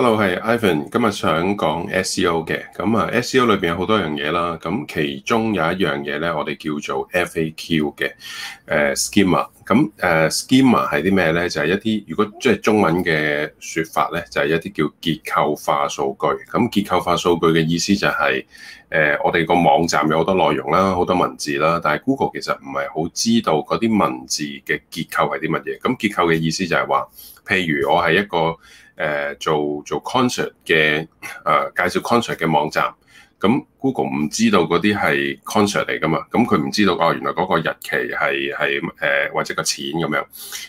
Hello，係 Ivan，今日想講 SEO 嘅，咁啊，SEO 裏邊有好多樣嘢啦，咁其中有一樣嘢咧，我哋叫做 FAQ 嘅誒 schema。咁誒 schema 係啲咩咧？就係、是、一啲如果即係中文嘅說法咧，就係、是、一啲叫結構化數據。咁結構化數據嘅意思就係、是、誒、呃、我哋個網站有好多內容啦，好多文字啦，但係 Google 其實唔係好知道嗰啲文字嘅結構係啲乜嘢。咁結構嘅意思就係話，譬如我係一個誒、呃、做做 concert 嘅誒、呃、介紹 concert 嘅網站。咁 Google 唔知道嗰啲係 concert 嚟噶嘛？咁佢唔知道哦，原來嗰個日期係係誒或者個錢咁樣。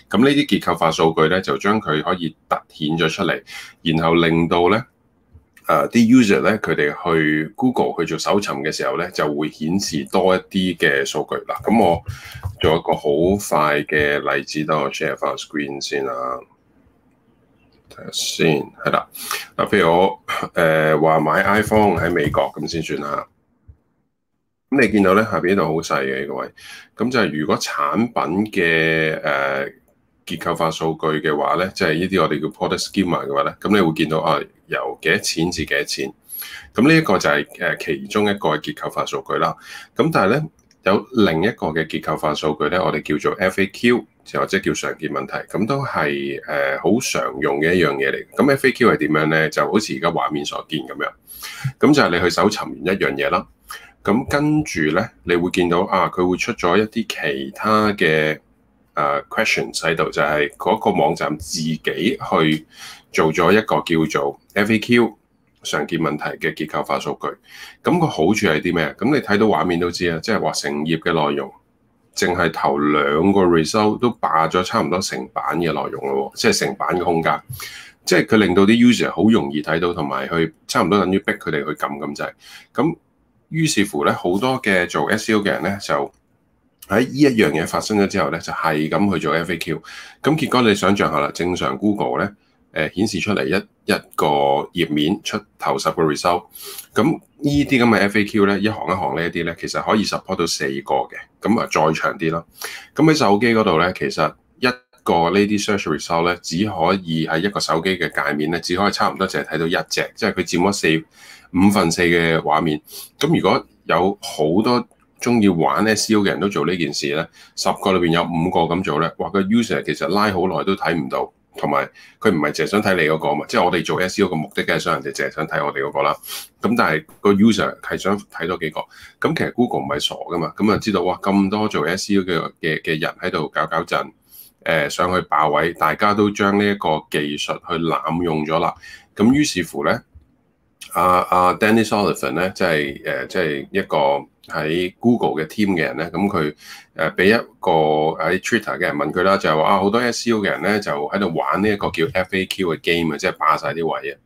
咁呢啲結構化數據咧，就將佢可以凸顯咗出嚟，然後令到咧誒啲 user 咧佢哋去 Google 去做搜尋嘅時候咧，就會顯示多一啲嘅數據啦。咁我做一個好快嘅例子，等我 share 翻 screen 先啦。先，係啦。嗱，譬如我誒話、呃、買 iPhone 喺美國咁先算啦。咁你見到咧下邊呢度好細嘅呢個位，咁就係如果產品嘅誒、呃、結構化數據嘅話咧，即係呢啲我哋叫 product schema 嘅話咧，咁你會見到啊，由幾多錢至幾多錢。咁呢一個就係誒其中一個結構化數據啦。咁但係咧。有另一個嘅結構化數據咧，我哋叫做 FAQ，就或者叫常見問題，咁都係誒好常用嘅一樣嘢嚟。咁 FAQ 係點樣咧？就好似而家畫面所見咁樣，咁就係你去搜尋完一樣嘢啦。咁跟住咧，你會見到啊，佢會出咗一啲其他嘅誒、呃、question 喺度，就係、是、嗰個網站自己去做咗一個叫做 FAQ。常見問題嘅結構化數據，咁個好處係啲咩？咁你睇到畫面都知啊，即係話成頁嘅內容，淨係頭兩個 result 都霸咗差唔多成版嘅內容咯，即係成版嘅空間，即係佢令到啲 user 好容易睇到，同埋去差唔多等於逼佢哋去撳咁滯。咁於是乎咧，好多嘅做 SEO 嘅人咧，就喺呢一樣嘢發生咗之後咧，就係咁去做 FAQ。咁結果你想像下啦，正常 Google 咧。誒、呃、顯示出嚟一一個頁面出頭十個 result，咁呢啲咁嘅 FAQ 咧，一行一行呢一啲咧，其實可以 support 到四個嘅，咁啊再長啲咯。咁喺手機嗰度咧，其實一個呢啲 search result 咧，只可以喺一個手機嘅界面咧，只可以差唔多淨係睇到一隻，即係佢佔咗四五份四嘅畫面。咁如果有好多中意玩 SEO 嘅人都做呢件事咧，十個裏邊有五個咁做咧，哇！個 user 其實拉好耐都睇唔到。同埋佢唔係淨係想睇你嗰個嘛，即係我哋做 SEO 個目的，梗係想人哋淨係想睇我哋嗰個啦。咁但係個 user 係想睇多幾個。咁其實 Google 唔係傻噶嘛，咁啊知道哇咁多做 SEO 嘅嘅嘅人喺度搞搞震，誒上去霸位，大家都將呢一個技術去濫用咗啦。咁於是乎咧，阿阿 Danny Sullivan 咧，即係誒即係一個。喺 Google 嘅 team 嘅人咧，咁佢誒俾一個喺 Twitter 嘅人問佢啦，就係話啊，好多 SEO 嘅人咧就喺度玩呢一個叫 FAQ 嘅 game 啊，即係霸晒啲位啊，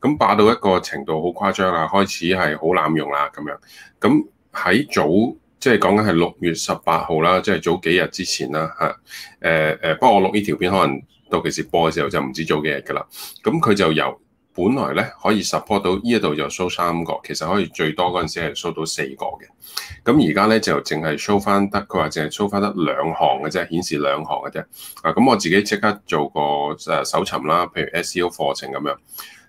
咁霸到一個程度好誇張啊，開始係好濫用啦咁樣。咁喺早即係講緊係六月十八號啦，即係早幾日之前啦嚇。誒、呃、誒，不過我錄呢條片可能到其時播嘅時候就唔知早幾日噶啦。咁佢就由本來咧可以 support 到呢一度就 show 三個，其實可以最多嗰陣時係 show 到四個嘅。咁而家咧就淨係 show 翻得，佢話淨係 show 翻得兩行嘅啫，顯示兩行嘅啫。啊，咁我自己即刻做個誒搜尋啦，譬如 SEO 課程咁樣。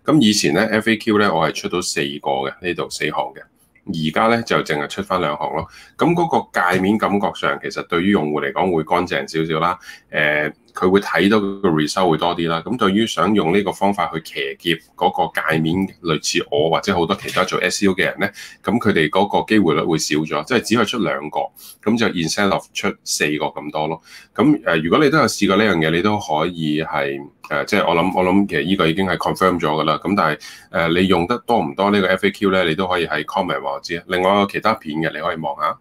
咁以前咧 FAQ 咧，我係出到四個嘅，項呢度四行嘅。而家咧就淨係出翻兩行咯。咁嗰個界面感覺上其實對於用戶嚟講會乾淨少少啦。誒、呃。佢會睇到個 result 會多啲啦。咁對於想用呢個方法去騎劫嗰個界面，類似我或者好多其他做 SEO 嘅人呢，咁佢哋嗰個機會率會少咗，即係只係出兩個，咁就 instead of 出四個咁多咯。咁誒，如果你都有試過呢樣嘢，你都可以係誒，即係我諗我諗其實呢個已經係 confirm 咗㗎啦。咁但係誒，你用得多唔多呢個 FAQ 呢，你都可以喺 comment 話我知。另外有其他片嘅你可以望下。